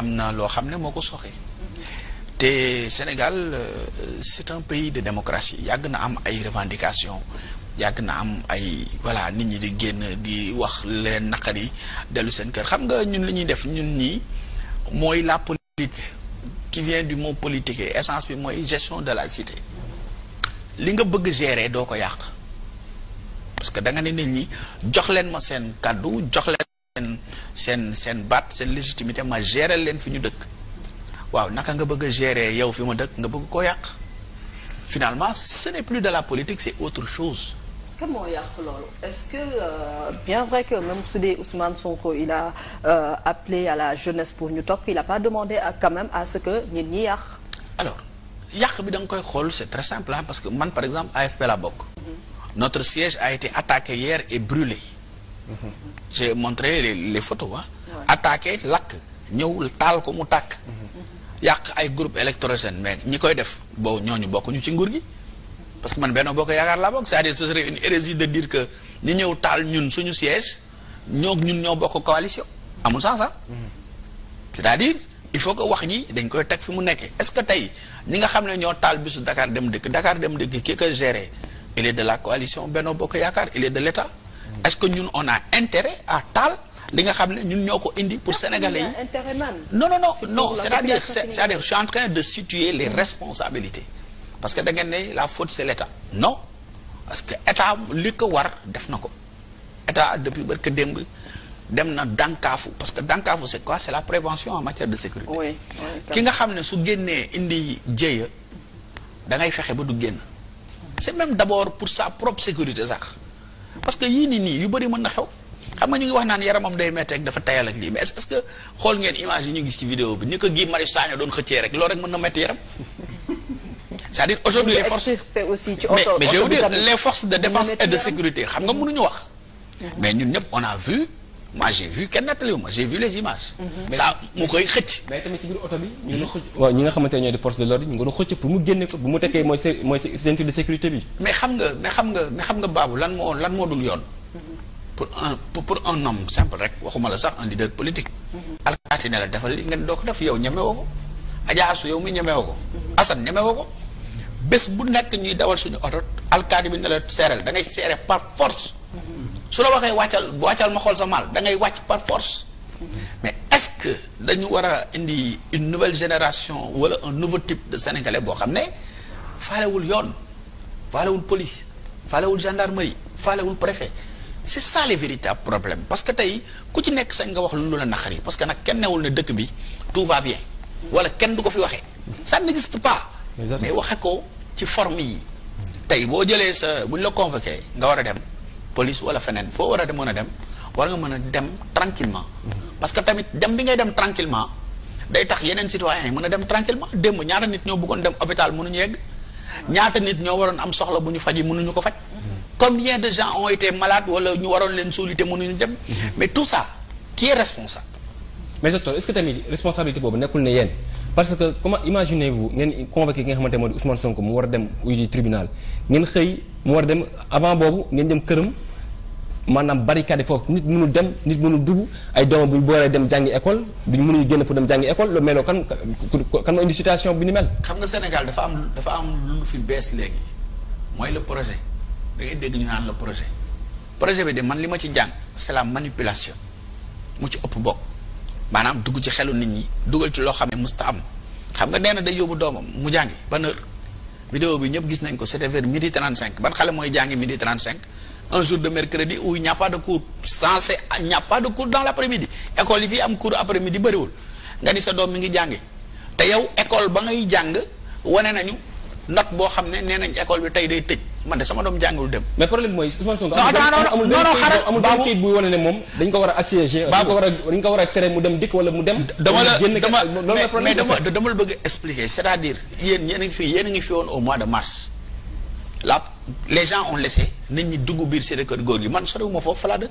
am na loo xam ne moo ko soxee te Sénégal euh, c'est un pays de démocratie yàgg na am ay revendications yàgg na am ay voilà nit ñi di génn di wax leen naqar yi dellu seen kër xam nga ñun li ñuy def ñun ñii mooy la politique qui vient du mot politique essence bi mooy gestion de la cité li nga bëgg gérer doo ko yàq parce que da ne nit ñi jox ma seen kàddu jox seen seen baat seen légitimité ma gérer leen fi ñu dëkk waaw naka nga bëgg a gérer yow fi ma dëkk nga bëgg ko yàq finalement ce n'est plus de la politique c'est autre chose kan moo yàq loolu est-ce que euh, bien vrai que même su dee Ousmane Sonko il a euh, appelé à la jeunesse pour ñu toog il a pas demandé à, quand à ce que nit ñi yàq alors yàq bi da nga koy xool c'est très simple parce que man par exemple AFP la bokk mm -hmm. notre siège a été attaqué hier et brûlé mm-hmm. j'ai montré les, les photos ah lakk ñëw taal ko mu tàkk yàq ay groupe électrogène mais ñi koy def boo boobu ñooñu bokkuñu ci nguur gi parce que man Benno Bokk Yaakaar laa bokk c'est-à-dire ce de dire que ñi ñëw taal ñun suñu siège ñoo ñun ñoo bokk coalition amul sens ah cest à il faut que wax ji dañ koy teg fi mu nekkee est-ce que tey ñi nga xam ne ñoo taal bi su Dakar dem dëkk Dakar dem dëkk ki ko géré il est de la coalition Benno Bokk Yaakaar il est de l'État est-ce que ñun on a intérêt à taal li nga xam ne ñun ñoo ko indi pour sénégalais yi non non non non cest c'est-à-dire je de situer les responsabilités parce que da ngeen ne la faute c'est l'État non parce que état li ko war def na ko état depuis barke démb dem na dànkaafu parce que dànkaafu c'est quoi c'est la prévention en matière de sécurité ki nga xam ne su génnee indi jéya da ngay fexe ba du génn c'est même d'abord pour sa propre sécurité sax parce que yii nii nii yu bëri mën na xew xam nga ñu ngi wax naan yaramam day méttee ak dafa tayal ak lii mais est-ce que xool ngeen image yi ñu gis ci vidéo bi ni ko Guy Marius Sagna doon xëccee rek loolu rek mën na métti yaram cest à aujourd'hui les forces de défense et de sécurité xam nga mënuñu wax mm-hmm. mais ñun ñëpp on a moi j'ai vu kenn nattaliwuma j'ai vu les images. Mhm. ça mu koy xëcc. mais tamit waaw ñi nga xamante ne ñooy di force de l'ordre ñu ngi doon xëcc pour mu génne ko bu mu tekkee mooy mooy ceinture de sécurité bi. mais xam nga mais xam nga mais xam nga baabu lan moo lan moo dul yoon. pour un pour un homme simple rek waxuma la sax un leader politique. Mhm. alkaati ne la li nga doo ko def yow ñemewoo ko. Adja Assou ko. Assane ñemewoo bés bu nekk ñuy dawal suñu oto alkaati bi ne la seeral da ngay seere par force. su la waxee wàccal wàccal ma xool sa maal da ngay wàcc par force mais est-ce que dañu war a indi une nouvelle génération wala un nouveau type de sénégalais boo xam ne faalewul yoon faalewul police faalewul gendarmerie faalewul préfet c'est ça les véritables problèmes parce que tey ku ci nekk sañ nga wax lu la yi parce que nag kenn newul ne dëkk bi tout va bien wala kenn du ko fi waxee ça n'existe pas mais waxe ko ci forme yi tey boo jëlee sa bu la convoqué nga war a dem police wala feneen foo war a mën a dem war nga mën a dem tranquillement parce que tamit dem bi ngay dem tranquillement day tax yeneen citoyens yi mën a dem tranquillement démb ñaata nit ñoo bëggoon dem hôpital mënuñu yegg ñaata nit ñoo waroon am soxla bu ñu faj yi mënuñu ko faj combien de gens ont été malades wala ñu waroon leen solité mënuñu dem mais tout ça qui est responsable mais docteur est-ce que tamit responsabilité boobu nekkul ne yéen parce que comment imaginez-vous ngeen convoqué ki nga maanaam barricade foofu nit mënul dem nit mënul dugg ay doomam bu ñu booree dem jàngi école duñ mënuñu génn pour dem jàngi école lu meloo kan kan moo indi situation bi ni mel. xam nga Sénégal dafa am dafa am lu fi bees léegi mooy le projet da dégg ñu naan la projet projet bi de man li ma ci jàng c'est la manipulation mu ci ëpp bokk maanaam dugg ci xelu nit ñi dugal ci loo xam ne musta am xam nga nee na day yóbbu doomam mu jàngi ban heure vidéo bi ñëpp gis nañ ko c'était vers midi 35 ban xale mooy jàngi midi 35. un jour de mercredi où il n'y a de cours censé il a pas de cours dans l'après-midi école yi fi am cours après-midi bëriwul nga ni sa doom mi ngi jàngi te yow école ba ngay jàng wane nañu note boo xam ne nee nañ école bi tey day tëj man de sama doom jàngul dem. mais problème mooy Ousmane Sonko. moom dañ ko war a assiégé. dañ a dañ ko war a tere mu dem dikk wala mu dem. dama la dama la bëgg expliquer c'est-à-dire yéen yéen ngi fi yéen ngi fi woon au mois de mars là les gens ont laissé. nit ñi dugg biir cité kër góor gi man soriwuma foofu fa laa dëkk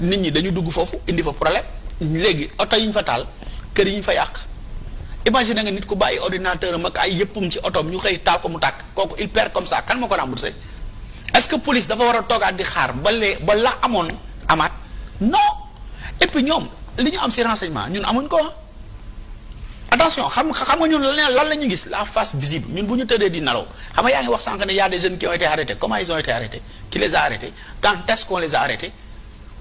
nit ñi dañu dugg foofu indi fa problème léegi oto yi ñu fa taal kër yi ñu fa yàq imagine nga nit ku bàyyi ordinateur am ak ay yëppum ci otoom ñu xëy taal ko mu tàkk kooku il perd comme ça kan ma ko remboursé est-ce que police dafa war a toogaat di xaar ba lee ba la amoon amaat non et puis ñoom li ñu am si renseignement ñun amuñ ko attention xam xam nga ñun lan la ñu gis la face visible ñun bu ñu tëddee di nalaw xam nga yaa ngi wax sànq ne y a des qui ont été arrêtés comment ils ont qui les a arrêtés quand est-ce qu'on les a arrêtés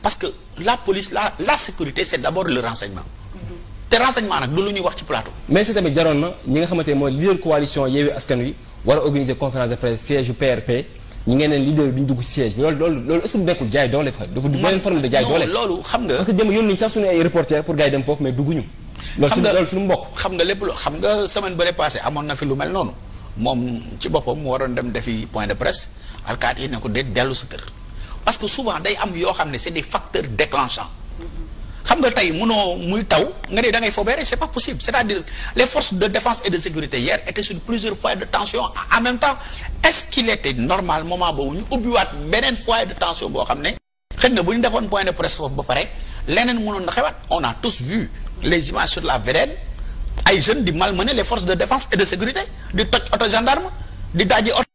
parce que la police la la sécurité c'est d'abord le renseignement mm-hmm. te renseignement nag du lu ñuy wax ci plateau. mais si tamit jaroon na ñi nga xamante ne mooy leader coalition Yewwi Askan Wi war a organiser conférence de presse siège PRP ñi ngeen ne leader duñ xam nga loolu xam nga lépp lu xam nga semaine bële passé amoon na fi lu mel noonu moom ci boppam mu waroon dem defi point de presse alkaat yi ne ko dee dellu sa kër parce que souvent day am yoo xam ne c'est des facteurs déclenchants xam nga tey mënoo muy taw nga ne da ngay fobeere c'est pas possible c'est-à-dire les forces de défense et de sécurité hier étaient sur plusieurs foyers de tension en même temps est normal moment boobu ñu ubbiwaat beneen foyer de tension boo xam ne xëy na bu ñu defoon point de presse ba pare leneen mënoon na xewaat on a tous les images sur la VDN ay jeunes di malmener les forces de défense et de sécurité di toj auto gendarme di daaji auto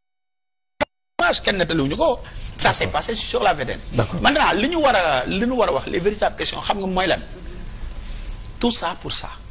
image kenn nettaliwuñu ko sa s'est passé sur la VDN maintenant li ñu war li ñu war a wax les véritables questions xam nga mooy lan tout ça pour ça